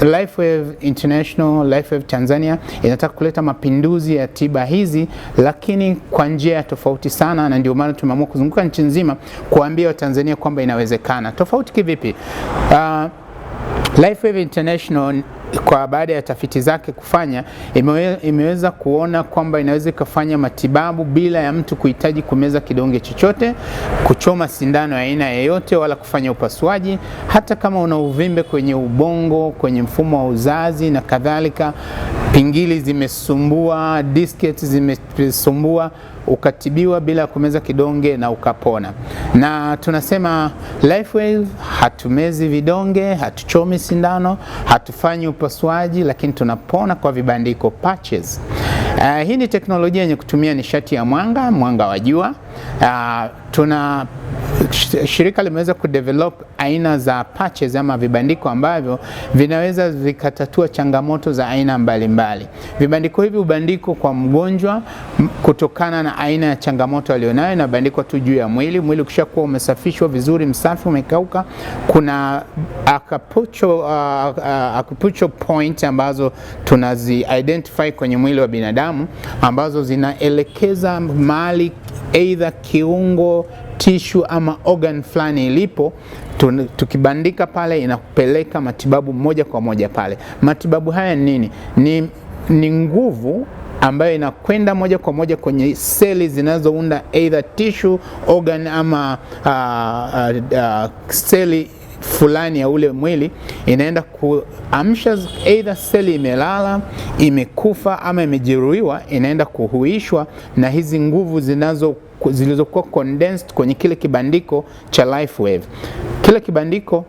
Lifewave International, Lifewave Tanzania inataka kuleta mapinduzi ya tiba hizi, lakini kwa njia tofauti sana, na ndio maana tumeamua kuzunguka nchi nzima kuambia Watanzania kwamba inawezekana. Tofauti kivipi? Uh, Lifewave International kwa baada ya tafiti zake kufanya imewe, imeweza kuona kwamba inaweza ikafanya matibabu bila ya mtu kuhitaji kumeza kidonge chochote, kuchoma sindano ya aina yoyote, wala kufanya upasuaji. Hata kama una uvimbe kwenye ubongo, kwenye mfumo wa uzazi na kadhalika, pingili zimesumbua, disketi zimesumbua ukatibiwa bila kumeza kidonge na ukapona. Na tunasema Lifewave hatumezi vidonge, hatuchomi sindano, hatufanyi upasuaji, lakini tunapona kwa vibandiko patches. Uh, hii ni teknolojia yenye kutumia nishati ya mwanga, mwanga wa jua. Uh, tuna shirika limeweza kudevelop aina za patches ama vibandiko ambavyo vinaweza vikatatua changamoto za aina mbalimbali. Vibandiko hivi hubandikwa kwa mgonjwa kutokana na aina ya changamoto alionayo, inabandikwa tu juu ya mwili. Mwili ukishakuwa umesafishwa vizuri, msafi, umekauka, kuna akapucho, uh, uh, point ambazo tunazi identify kwenye mwili wa binadamu ambazo zinaelekeza mali aidha kiungo tishu ama organ fulani ilipo, tukibandika pale inakupeleka matibabu moja kwa moja pale. Matibabu haya nini? Ni, ni nguvu ambayo inakwenda moja kwa moja kwenye seli zinazounda either tissue organ ama uh, uh, uh, seli fulani ya ule mwili inaenda kuamsha either seli imelala imekufa ama imejeruhiwa, inaenda kuhuishwa na hizi nguvu zinazo zilizokuwa condensed kwenye kile kibandiko cha life wave. Kile kibandiko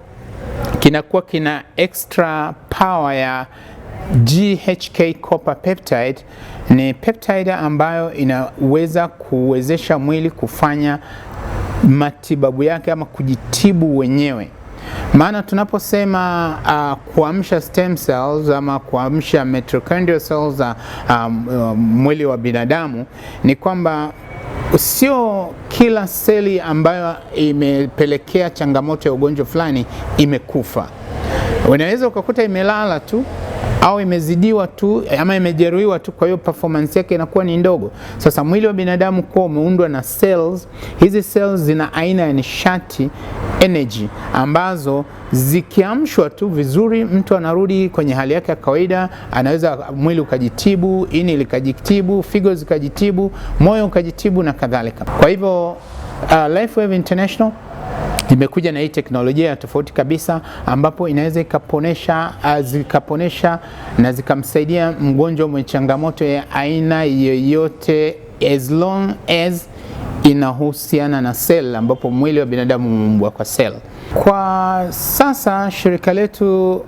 kinakuwa kina extra power ya GHK copper peptide. Ni peptide ambayo inaweza kuwezesha mwili kufanya matibabu yake ama kujitibu wenyewe. Maana tunaposema uh, kuamsha stem cells ama kuamsha mitochondrial cells za um, uh, um, mwili wa binadamu ni kwamba Sio kila seli ambayo imepelekea changamoto ya ugonjwa fulani imekufa. Unaweza ukakuta imelala tu, au imezidiwa tu ama imejeruhiwa tu, kwa hiyo performance yake inakuwa ni ndogo. Sasa mwili wa binadamu kuwa umeundwa na cells, hizi cells zina aina ya nishati energy ambazo zikiamshwa tu vizuri, mtu anarudi kwenye hali yake ya kawaida. Anaweza mwili ukajitibu, ini likajitibu, figo zikajitibu, moyo ukajitibu na kadhalika. Kwa hivyo uh, Wave International imekuja na hii teknolojia ya tofauti kabisa, ambapo inaweza ikaponesha ah, zikaponesha na zikamsaidia mgonjwa mwenye changamoto ya aina yoyote as long as inahusiana na sel, ambapo mwili wa binadamu umeumbwa kwa sel. Kwa sasa shirika letu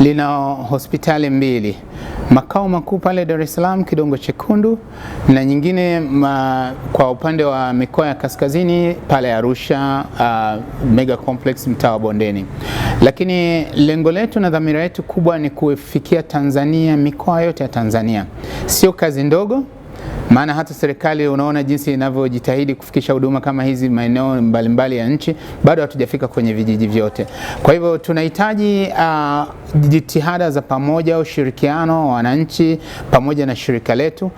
lina hospitali mbili makao makuu pale Dar es Salaam Kidongo Chekundu, na nyingine ma, kwa upande wa mikoa ya kaskazini pale Arusha uh, mega complex mtaa wa Bondeni. Lakini lengo letu na dhamira yetu kubwa ni kufikia Tanzania, mikoa yote ya Tanzania. Sio kazi ndogo maana hata serikali unaona jinsi inavyojitahidi kufikisha huduma kama hizi maeneo mbalimbali ya nchi, bado hatujafika kwenye vijiji vyote. Kwa hivyo tunahitaji uh, jitihada za pamoja, ushirikiano wa wananchi pamoja na shirika letu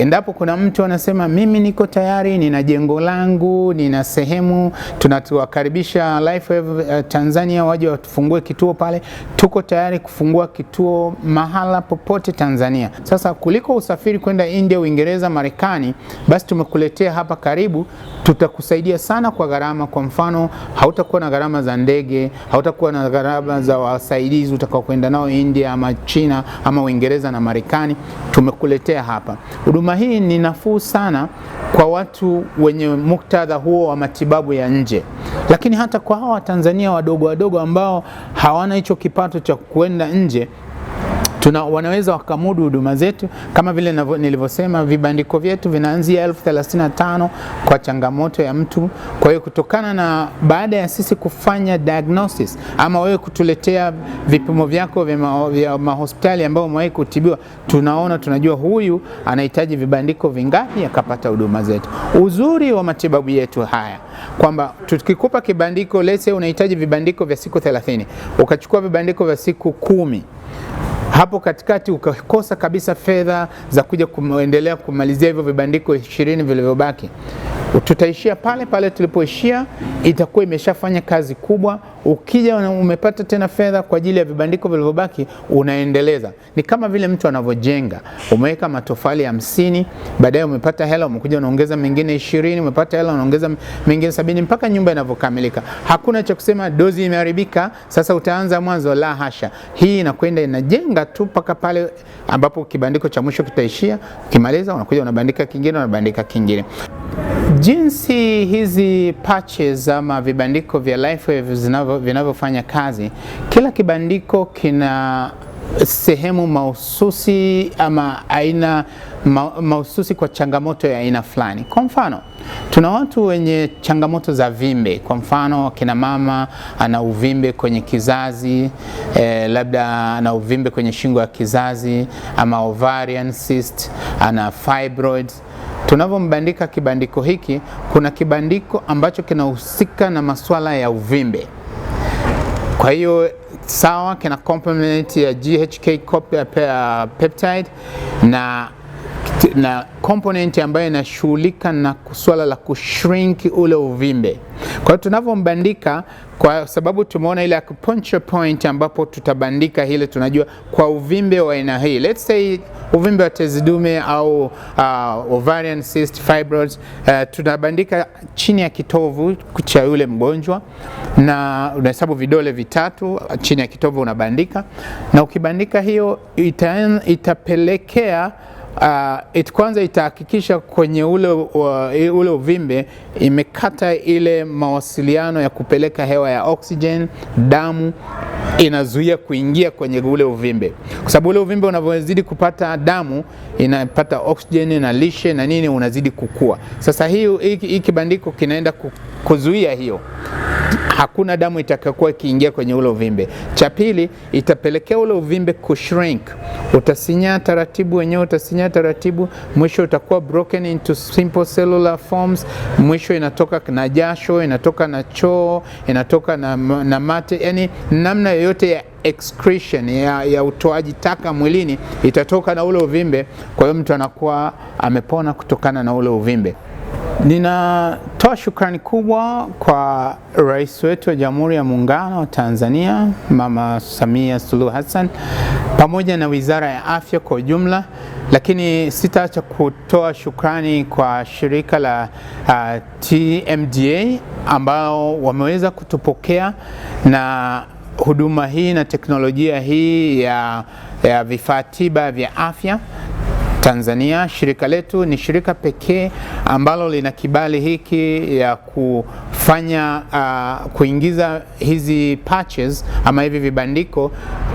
Endapo kuna mtu anasema mimi niko tayari, nina jengo langu, nina sehemu, tunatuwakaribisha Lifewave eh, Tanzania waje watufungue kituo pale. Tuko tayari kufungua kituo mahala popote Tanzania. Sasa kuliko usafiri kwenda India, Uingereza, Marekani, basi tumekuletea hapa karibu, tutakusaidia sana kwa gharama. Kwa mfano, hautakuwa na gharama za ndege, hautakuwa na gharama za wasaidizi utakao kwenda nao India ama China ama Uingereza na Marekani. Tumekuletea hapa huduma Huduma hii ni nafuu sana kwa watu wenye muktadha huo wa matibabu ya nje, lakini hata kwa hawa Watanzania wadogo wadogo ambao hawana hicho kipato cha kwenda nje, tuna wanaweza wakamudu huduma zetu kama vile nilivyosema, vibandiko vyetu vinaanzia elfu thelathini na tano kwa changamoto ya mtu. Kwa hiyo kutokana na baada ya sisi kufanya diagnosis ama wewe kutuletea vipimo vyako vya mahospitali ambayo umewahi kutibiwa, tunaona tunajua huyu anahitaji vibandiko vingapi akapata huduma zetu. Uzuri wa matibabu yetu haya kwamba tukikupa kibandiko lese, unahitaji vibandiko vya siku 30 ukachukua vibandiko vya siku kumi hapo katikati ukakosa kabisa fedha za kuja kuendelea kumalizia hivyo vibandiko ishirini vilivyobaki, tutaishia pale pale tulipoishia. Itakuwa imeshafanya kazi kubwa. Ukija umepata tena fedha kwa ajili ya vibandiko vilivyobaki, unaendeleza. Ni kama vile mtu anavyojenga, umeweka matofali hamsini, baadaye umepata hela, umekuja unaongeza mengine ishirini, umepata hela, unaongeza mengine sabini mpaka nyumba inavyokamilika. Hakuna cha kusema dozi imeharibika, sasa utaanza mwanzo. La hasha, hii inakwenda inajenga tu mpaka pale ambapo kibandiko cha mwisho kitaishia. Ukimaliza unakuja unabandika kingine, unabandika kingine. Jinsi hizi patches ama vibandiko vya Lifeway zinavyo vinavyofanya kazi, kila kibandiko kina sehemu mahususi ama aina mahususi kwa changamoto ya aina fulani. Kwa mfano, tuna watu wenye changamoto za vimbe. Kwa mfano, kina mama ana uvimbe kwenye kizazi eh, labda ana uvimbe kwenye shingo ya kizazi ama ovarian cyst, ana fibroids tunavyombandika kibandiko hiki, kuna kibandiko ambacho kinahusika na masuala ya uvimbe. Kwa hiyo sawa, kina complement ya GHK peptide na na component ambayo inashughulika na swala la kushrink ule uvimbe. Kwa hiyo tunavyombandika, kwa sababu tumeona ile acupuncture point ambapo tutabandika hile, tunajua kwa uvimbe wa aina hii, let's say uvimbe wa tezi dume au uh, ovarian cyst fibroids, uh, tunabandika chini ya kitovu cha yule mgonjwa, na unahesabu vidole vitatu chini ya kitovu unabandika, na ukibandika hiyo ita, itapelekea uh, it kwanza itahakikisha kwenye ule, uh, ule uvimbe imekata ile mawasiliano ya kupeleka hewa ya oxygen, damu inazuia kuingia kwenye ule uvimbe, kwa sababu ule uvimbe unavyozidi kupata damu inapata oxygen na lishe na nini, unazidi kukua. Sasa hii hiki kibandiko kinaenda kuzuia hiyo hakuna damu itakayokuwa ikiingia kwenye ule uvimbe. Cha pili, itapelekea ule uvimbe kushrink, utasinyaa taratibu, wenyewe utasinyaa taratibu, mwisho utakuwa broken into simple cellular forms. Mwisho inatoka na jasho, inatoka na choo, inatoka na, na mate, yani namna yoyote ya excretion ya, ya utoaji taka mwilini itatoka na ule uvimbe. Kwa hiyo mtu anakuwa amepona kutokana na ule uvimbe. Ninatoa shukrani kubwa kwa Rais wetu wa Jamhuri ya Muungano wa Tanzania Mama Samia Suluhu Hassan pamoja na Wizara ya Afya kwa ujumla, lakini sitaacha kutoa shukrani kwa shirika la uh, TMDA ambao wameweza kutupokea na huduma hii na teknolojia hii ya, ya vifaa tiba vya afya Tanzania. Shirika letu ni shirika pekee ambalo lina kibali hiki ya kufanya uh, kuingiza hizi patches ama hivi vibandiko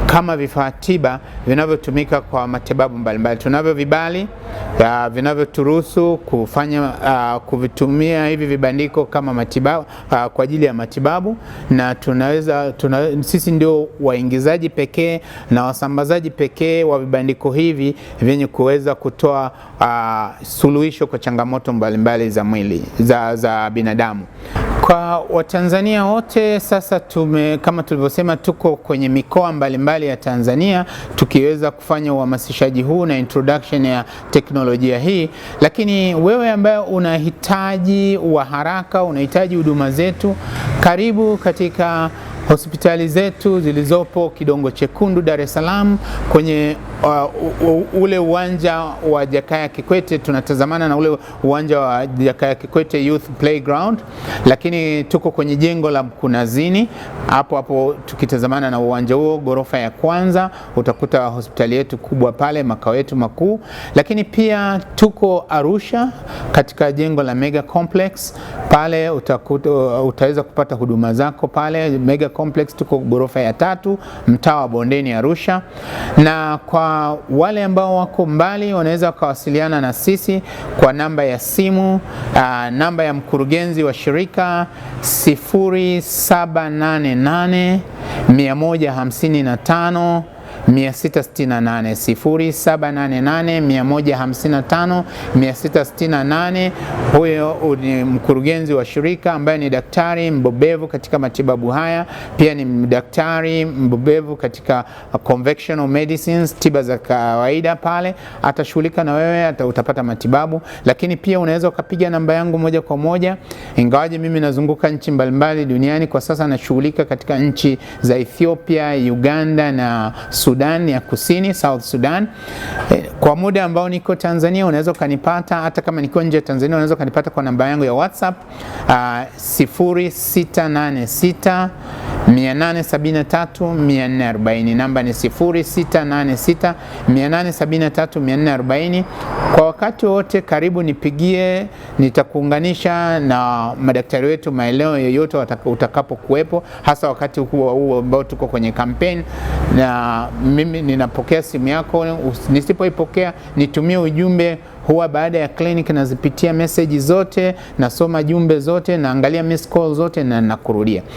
kama vifaa tiba vinavyotumika kwa matibabu mbalimbali. Tunavyo vibali uh, vinavyoturuhusu kufanya uh, kuvitumia hivi vibandiko kama matibabu uh, kwa ajili ya matibabu na tunaweza tuna, sisi ndio waingizaji pekee na wasambazaji pekee wa vibandiko hivi vyenye kuweza kutoa uh, suluhisho kwa changamoto mbalimbali za mwili za, za binadamu. Kwa Watanzania wote sasa tume, kama tulivyosema, tuko kwenye mikoa mbalimbali mbali ya Tanzania tukiweza kufanya uhamasishaji huu na introduction ya teknolojia hii. Lakini wewe ambaye unahitaji wa haraka, unahitaji huduma zetu, karibu katika Hospitali zetu zilizopo Kidongo Chekundu, Dar es Salaam, kwenye uh, ule uwanja wa Jakaya Kikwete, tunatazamana na ule uwanja wa Jakaya Kikwete Youth Playground, lakini tuko kwenye jengo la Mkunazini hapo hapo tukitazamana na uwanja huo, ghorofa ya kwanza, utakuta hospitali yetu kubwa pale, makao yetu makuu. Lakini pia tuko Arusha katika jengo la Mega Complex pale, utakuta, utaweza kupata huduma zako pale Mega Complex tuko ghorofa ya tatu mtaa wa Bondeni Arusha, na kwa wale ambao wako mbali wanaweza wakawasiliana na sisi kwa namba ya simu a, ah, namba ya mkurugenzi wa shirika 0788 155 668 Huyo ni mkurugenzi wa shirika ambaye ni daktari mbobevu katika matibabu haya, pia ni daktari mbobevu katika conventional medicines, tiba za kawaida. Pale atashughulika na wewe ata utapata matibabu, lakini pia unaweza ukapiga namba yangu moja kwa moja. Ingawaje mimi nazunguka nchi mbalimbali duniani, kwa sasa nashughulika katika nchi za Ethiopia, Uganda na Sudan. Sudan ya Kusini, South Sudan. Eh, kwa muda ambao niko Tanzania unaweza ukanipata, hata kama niko nje ya Tanzania unaweza ukanipata kwa namba yangu ya WhatsApp uh, ah, 0686 873 namba ni 0686 Kwa wakati wote, karibu nipigie, nitakuunganisha na madaktari wetu maeneo yoyote utakapokuwepo, hasa wakati huu ambao tuko kwenye kampeni. Na mimi ninapokea simu yako, nisipoipokea nitumie ujumbe huwa baada ya clinic nazipitia meseji zote, nasoma jumbe zote, naangalia miss call zote na nakurudia.